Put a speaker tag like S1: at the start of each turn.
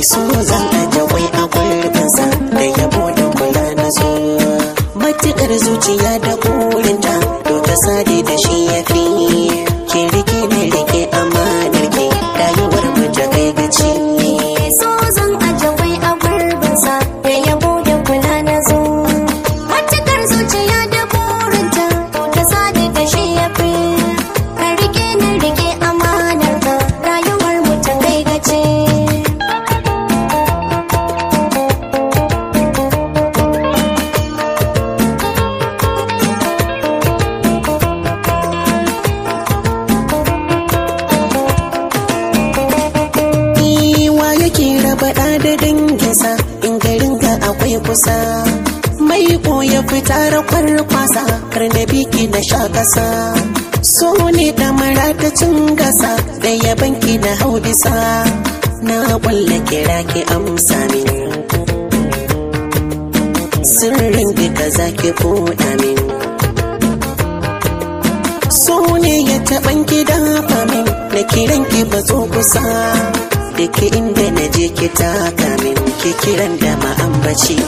S1: mai so zan aje wai a gurbinsa da yabo da kula na so matukar zuciya da faɗa da danginsa in garin ka akwai kusa mai ya fita rakwar kwasa kar da biki na sha kasa so ne da ta cin gasa da yaban ki na hau bisa na kwalla kira ki amsa min sirrin ki za ki buɗa min so ne ya taɓan ki dafa min na kiran ki ba zo kusa da ke inda na je ki taka min kekiran kiran da ma'ambaci